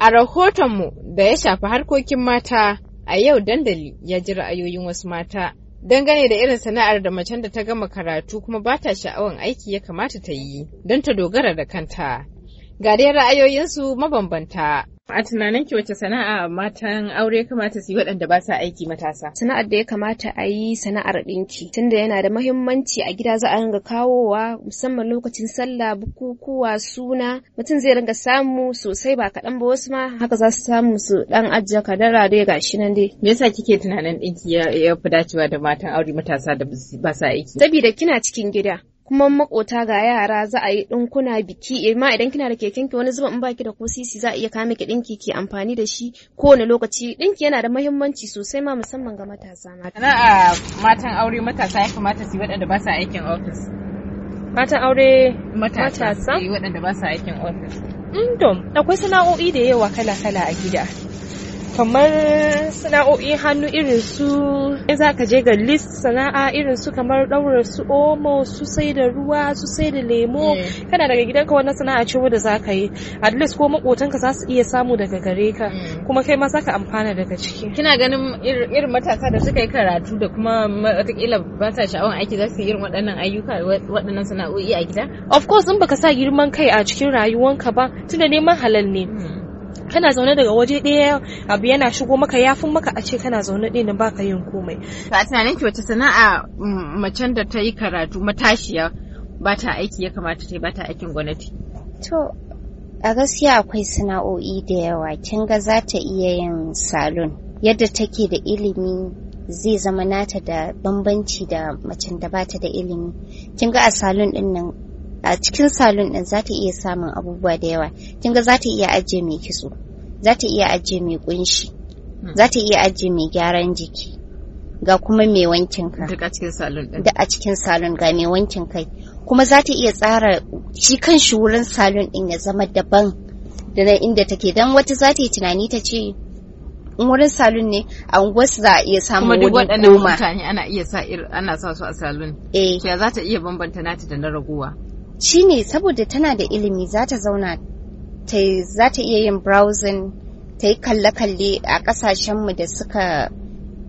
A rahotonmu da ya shafi harkokin mata a yau dandali ya ji ra'ayoyin wasu mata dangane da irin sana'ar da macen da ta gama karatu kuma ba ta sha'awan aiki ya kamata ta yi don ta dogara da kanta. Ga dai ra'ayoyinsu mabambanta. A tunanin ki wace sana'a matan aure kamata su yi waɗanda ba sa aiki matasa? Sana'ar da ya kamata a yi sana'ar ɗinki tunda yana da mahimmanci a gida za a ringa kawowa musamman lokacin sallah bukukuwa suna mutum zai ringa samu sosai ba kaɗan ba wasu ma haka za su samu su ɗan ajiye kadara dai gashi nan dai. Me yasa kike tunanin ɗinki ya fi dacewa da matan aure matasa da ba sa aiki? Sabida kina cikin gida. kuma makota ga yara za a yi dinkuna biki eh, ma idan kina da keken ki wani zuba in baki da ko sisi za a iya kawo miki dinki ki amfani da shi kowane lokaci dinki yana da muhimmanci sosai ma musamman ga matasa mata a matan aure matasa ya kamata su yi waɗanda ba sa aikin office matan aure matasa eh, waɗanda ba sa aikin office Indom, mm, akwai sana'o'i da yawa kala-kala a gida. kamar sana'o'in hannu irin su in za ka je ga list sana'a irin su kamar ɗaura su omo su sai da ruwa su sai da lemo eh. kana daga gidanka wannan sana'a ce wanda za ka yi at least ko makotanka za su iya samu daga gare ka hmm. kuma kai ma za ka amfana daga ciki kina ganin irin matasa da suka yi karatu da kuma watakila ba sa sha'awar aiki za su yi irin waɗannan ayyuka waɗannan sana'o'i a gida of course in baka sa girman kai a cikin rayuwanka ba tunda neman halal ne hmm. kana zaune daga waje ɗaya abu yana shigo maka ya maka a ce kana zaune ɗin ba ka yin komai. a tunanin ki wata sana'a mm, macen da ta yi karatu matashiya ba ta aiki ya kamata ta yi ba ta aikin gwamnati. to a gaskiya akwai sana'o'i da yawa kin ga za ta iya yin salon yadda take da ilimi zai zama nata da bambanci da macen da bata da ilimi kin ga a salon ɗin nan a cikin salon din za ta iya samun abubuwa da yawa kin ga za ta iya ajiye mai kitso za ta iya ajiye mai kunshi hmm. za ta iya ajiye mai gyaran jiki ga kuma mai wankin ka. duk a cikin salon din duk a cikin salon ga mai wankin kai kuma za ta iya tsara shi kan shi wurin salon din ya zama daban da na inda take dan wata za ta yi tunani ta ce in wurin salon ne a unguwarsu za a iya samun wani Kuma duk waɗannan mutane ana iya sa ana sa su a salon. Eh. Ya za ta iya bambanta nata da na raguwa. shine saboda tana da ilimi za ta zauna za ta iya yin browsing ta yi kalle-kalle a kasashenmu da suka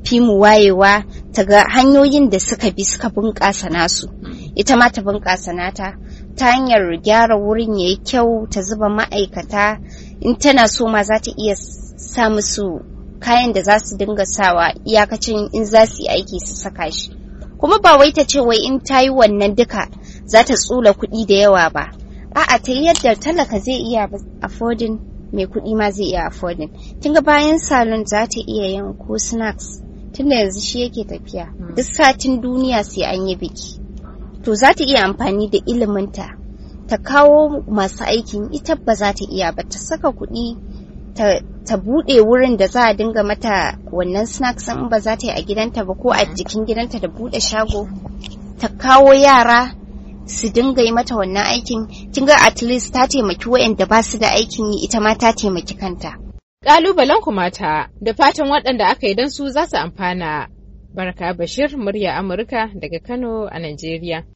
fi mu wayewa ta ga hanyoyin da suka bi suka bunƙasa nasu ita ma ta bunƙasa nata ta hanyar gyara wurin ya yi kyau ta zuba ma'aikata in tana so ma za ta iya sa musu kayan da za su dinga sawa iyakacin in za su yi aiki su saka shi kuma ba wai ta ce wai in ta yi wannan duka za ta tsula kuɗi da yawa ba a'a ta yi yadda talaka zai iya affording mai kuɗi ma zai iya affording tun ga bayan salon za ta iya yin ko snacks tunda yanzu shi yake tafiya hmm. duk satin duniya sai an yi biki to za ta iya amfani da iliminta ta kawo masu aikin ita ba za ta iya ba ta saka kuɗi ta buɗe wurin da za a dinga mata wannan snacks in ba za ta yi a gidanta ba ko a hmm. jikin gidanta da buɗe shago ta kawo yara su dinga yi mata wannan aikin kin ga at least ta taimaki waɗanda ba su da aikin yi ita ma ta taimaki kanta kalubalen ku mata da fatan waɗanda aka yi don su za su amfana barka bashir murya amurka daga kano a najeriya